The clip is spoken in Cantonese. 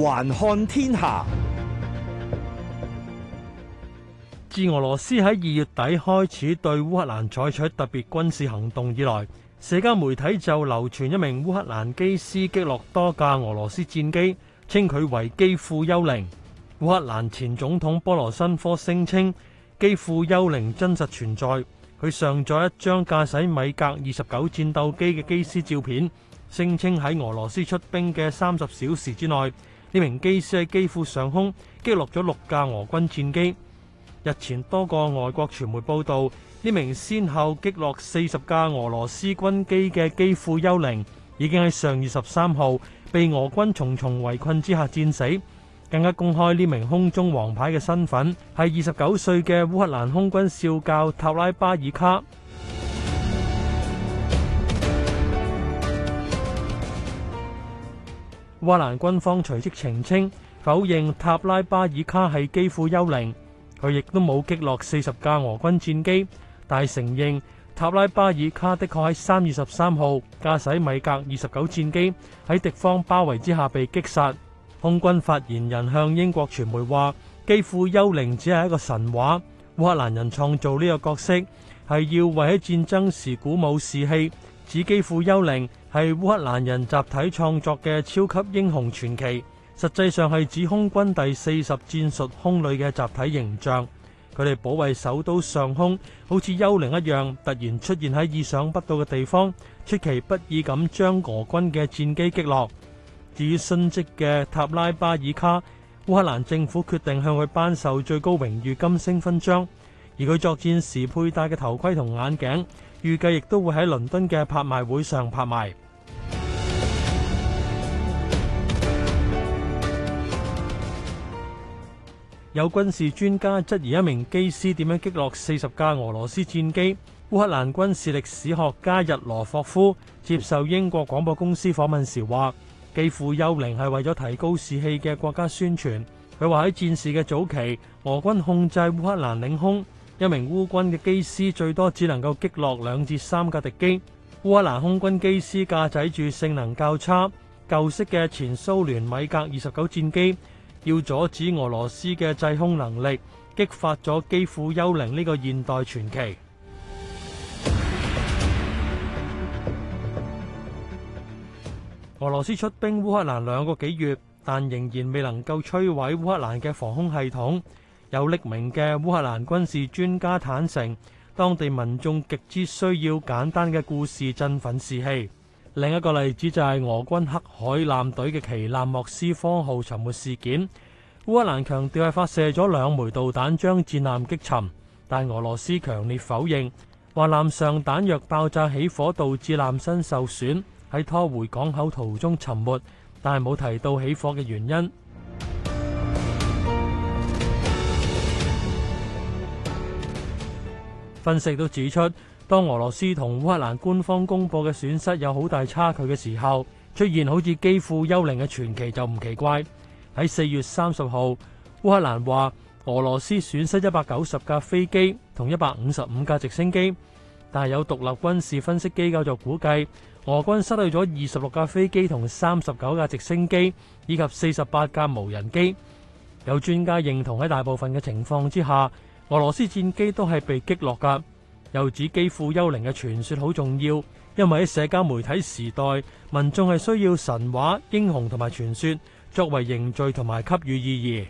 環看天下。自俄羅斯喺二月底開始對烏克蘭採取特別軍事行動以來，社交媒體就流傳一名烏克蘭機師擊落多架俄羅斯戰機，稱佢為基輔幽靈。烏克蘭前總統波羅申科聲稱基輔幽靈真實存在，佢上載一張駕駛米格二十九戰鬥機嘅機師照片，聲稱喺俄羅斯出兵嘅三十小時之內，呢名機師喺基輔上空擊落咗六架俄軍戰機。日前多個外國傳媒報道，呢名先後擊落四十架俄羅斯軍機嘅基輔幽靈，已經喺上月十三號被俄軍重重圍困之下戰死。更加公開呢名空中王牌嘅身份係二十九歲嘅烏克蘭空軍少校塔拉巴爾卡。烏克蘭軍方隨即澄清，否認塔拉巴爾卡係基輔幽靈，佢亦都冇擊落四十架俄軍戰機，但係承認塔拉巴爾卡的確喺三月十三號駕駛米格二十九戰機喺敵方包圍之下被擊殺。空軍發言人向英國傳媒話：基輔幽靈只係一個神話，烏克蘭人創造呢個角色係要為喺戰爭時鼓舞士氣。指基輔幽靈係烏克蘭人集體創作嘅超級英雄傳奇，實際上係指空軍第四十戰術空旅嘅集體形象。佢哋保衞首都上空，好似幽靈一樣，突然出現喺意想不到嘅地方，出其不意咁將俄軍嘅戰機擊落。至於殉職嘅塔拉巴爾卡，烏克蘭政府決定向佢頒授最高榮譽金星勳章，而佢作戰時佩戴嘅頭盔同眼鏡，預計亦都會喺倫敦嘅拍賣會上拍賣。有軍事專家質疑一名機師點樣擊落四十架俄羅斯戰機。烏克蘭軍事歷史學家日羅霍夫接受英國廣播公司訪問時話：基輔幽靈係為咗提高士氣嘅國家宣傳。佢話喺戰事嘅早期，俄軍控制烏克蘭領空。一名烏軍嘅機師最多只能夠擊落兩至三架敵機。烏克蘭空軍機師駕駛住性能較差、舊式嘅前蘇聯米格二十九戰機，要阻止俄羅斯嘅制空能力，激發咗基輔幽靈呢個現代傳奇。俄羅斯出兵烏克蘭兩個幾月，但仍然未能夠摧毀烏克蘭嘅防空系統。有匿名嘅烏克蘭軍事專家坦承，當地民眾極之需要簡單嘅故事振奮士氣。另一個例子就係俄軍黑海艦隊嘅旗艦莫斯科號沉沒事件。烏克蘭強調係發射咗兩枚導彈將戰艦擊沉，但俄羅斯強烈否認，話艦上彈藥爆炸起火導致艦身受損，喺拖回港口途中沉沒，但係冇提到起火嘅原因。分析都指出，當俄羅斯同烏克蘭官方公布嘅損失有好大差距嘅時候，出現好似基輔幽靈嘅傳奇就唔奇怪。喺四月三十號，烏克蘭話俄羅斯損失一百九十架飛機同一百五十五架直升機，但係有獨立軍事分析機構就估計俄軍失去咗二十六架飛機同三十九架直升機以及四十八架無人機，有專家認同喺大部分嘅情況之下。俄羅斯戰機都係被擊落㗎，又指基輔幽靈嘅傳說好重要，因為喺社交媒體時代，民眾係需要神話、英雄同埋傳說作為凝聚同埋給予意義。